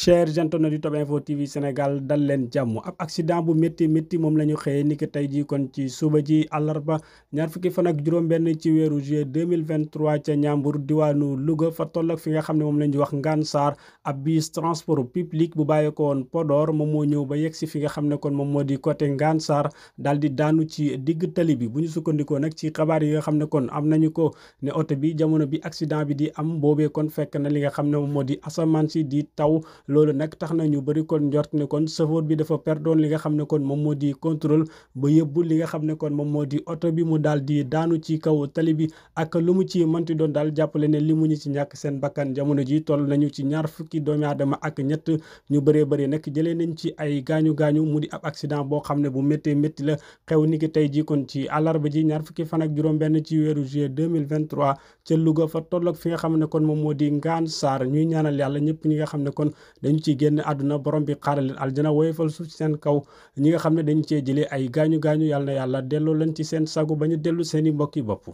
chers internautes du Top Info TV Sénégal dal leen jàmm ab accident bu métti métti moom la ñu xëyee ni ki tey jii kon ci suba ji àllarba ñaar fukki fan ak juróom ci weeru juillet 2023 ca Ñambur diwaanu luga fa toll ak fi nga xam ne moom la ñuy wax Ngaan Sarr ab bus transport public bu bàyyeekoo woon Podor moom moo ñëw ba yegg si fi nga xam ne kon moom moo di côté Ngaan Sarr daal di daanu ci digg tali bi bu ñu sukkandikoo nag ci xabaar yi nga xam ne kon am nañu ko ne oto bi jamono bi accident bi di am boobee kon fekk na li nga xam ne moom moo di asamaan si di taw. loolu nag tax na ñu bëri kon njort ne kon chauffeur bi dafa perdoon li nga xam ne kon moom moo di contrôle ba yëbbu li nga xam ne kon moom moo di oto bi mu daal di daanu ci kaw tali bi ak lu mu ci mënti doon daal jàppale ne li mu ñu ci ñàkk seen bakkan jamono ji toll nañu ci ñaar fukki doomi aadama ak ñett ñu bëree bëri nag jëlee nañ ci ay gaañu gaañu mu di ak accident boo xam ne bu méttee métti la xew ni ki tey ji kon ci àllarba ji ñaar fukki fan ak juróom-benn ci weeru juillet 2023 ca Louga fa tolloog fi nga xam ne kon moom moo di ngaan saar ñuy ñaanal yàlla ñëpp ñi nga xam ne kon dañu ciy génn àdduna borom bi xaaral leen aljana woyofal suuf ci seen kaw ñi nga xam ne dañu cee jëlee ay gaañu gaañu yàlla yàlla delloo leen ci seen sago ba ñu dellu seeni mbokki bopp